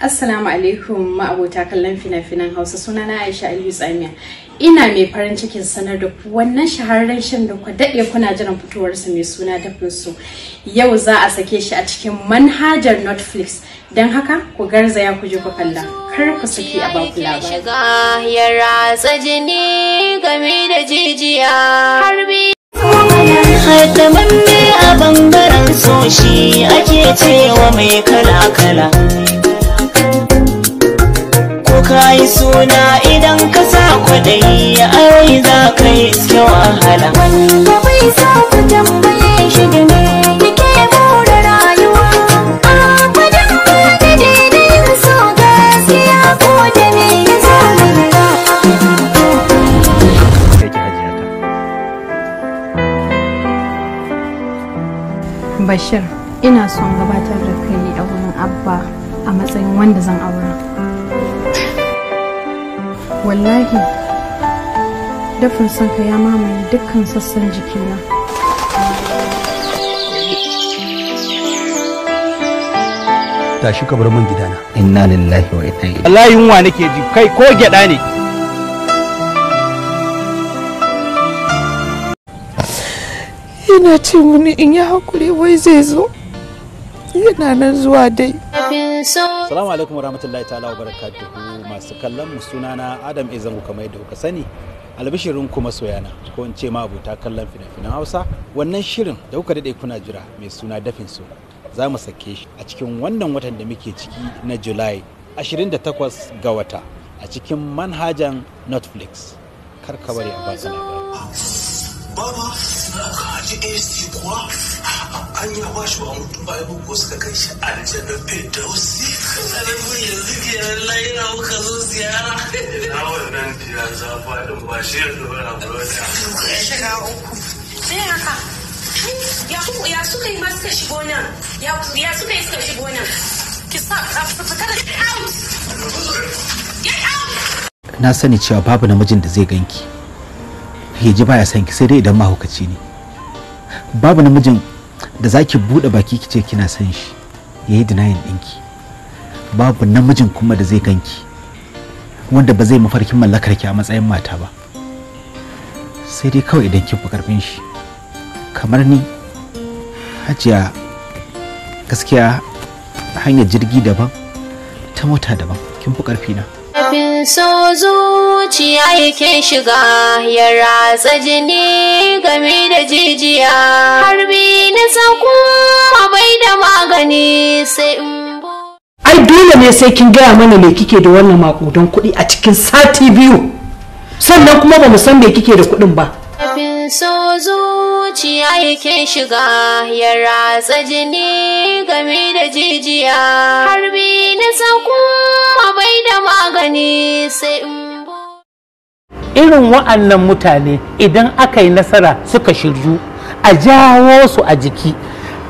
Assalamu alaikum ma'abota kallon fina-finan Hausa suna na Aisha Aliyu Tsamiya. Ina mai farin cikin sanar da ku wannan shahararren shan da ku daɗe kuna jiran fitowarsa mai suna da su. Yau za a sake shi a cikin manhajar Netflix. Don haka ku garzaya ku je ku kalla. Kar ku saki a baku Shiga Ya ratsa jini game da jijiya. Harbi. a bangaren soshi ake cewa mai kala-kala. ka yi suna idan ka sa kwaɗayi ya rai za ka yi iske wahala wanda bai sa ku tambaye shi da me yake more rayuwa a kwadon ba da daidai so gaskiya ko da me ya zama Bashir, ina son gabatar da kai a wurin Abba a matsayin wanda zan aura. wallahi dafin sanka ya mamaye dukkan sassan jikina tashi ka bar man gidana inna lillahi wa inna ilaihi wallahi yunwa nake ji kai ko gyada ne yana ce mini in yi hakuri wai zai zo yana nan zuwa dai Salamu alaikum rahmatullahi ta'ala wa barakatuhu masu kallon mu sunana Adam ku kamar yadda kuka sani albishirin kuma soyana ko in ce ma abota kallon fina-finan Hausa wannan shirin da kuka dade kuna jira mai suna dafin so za mu sake shi a cikin wannan watan da muke ciki na July 28 ga wata a cikin manhajan Netflix kar ka bari ba su Baba, an ya ba shi ba mutu ba ibu ko suka kai shi aljanna firdausi kasarar mun yanzu kenan lahira muka zo ziyara na wannan fiya zafa din ba shi ya dora burota ya shiga uku sai haka ya suka yi ma suka shigo nan ya suka yi suka shigo nan ki sa fita da out get na sani cewa babu namijin da zai ganki ya ji baya san ki sai dai idan mahaukaci ne babu namijin da za ki buɗe baki ki ce kina son shi ya yi dinayin ɗinki babu namijin kuma da zai ganki wanda ba zai mafarkin mallakar ki a matsayin mata ba sai dai kawai idan kin fi karfin shi kamar ni hajiya gaskiya hanyar jirgi daban ta mota daban kin fi karfi na so zuciya yake shiga ya ratsa jini game da jijiya har sako bai da magani sai in ai dole ne sai kin gaya mana me kike da wannan makudan kuɗi a cikin sati biyu sannan kuma ba mu san me kike da kuɗin ba kafin so zuciya yake shiga ya ratsa jini game da jijiya harbi na bai da magani sai in irin wa'annan mutane idan aka yi nasara suka shirju a jawo su a jiki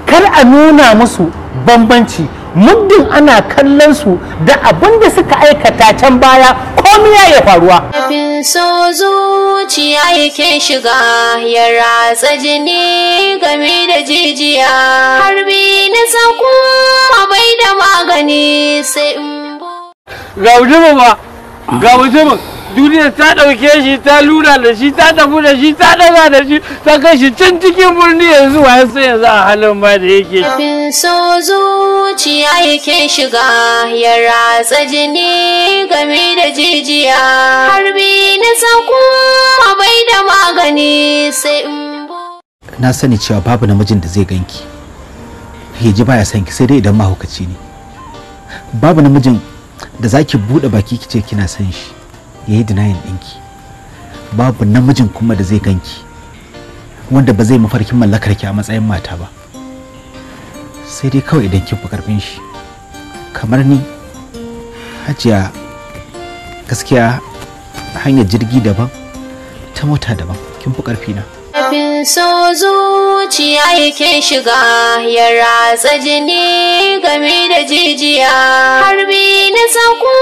kar a nuna musu bambanci muddin ana kallon su da abin da suka aikata can baya komi ya faruwa so zuciya yake shiga ya ratsa jini game da jijiya harbi na sako bai da magani sai in ga wajen ba ga wajen duniyar ta ɗauke shi ta lura da shi ta tafi da shi ta ɗaga da shi ta kai shi can cikin birni yanzu wa yanzu yanzu a halin ba da yake abin so zuciya yake shiga ya ratsa jini game da jijiya harbi na bai da magani sai in na sani cewa babu namijin da zai ganki ya ji baya son sai dai idan mahaukaci ne babu namijin da za ki buɗe baki kice kina san shi ya yi denying ɗinki babu namijin kuma da zai ganki wanda ba zai mafarkin mallakar ki a matsayin mata ba sai dai kawai idan kin fi karfin shi kamar ni hajiya gaskiya hanyar jirgi daban ta mota daban kin fi karfi na kafin so zuciya yake shiga ya ratsa jini game da jijiya harbi na sako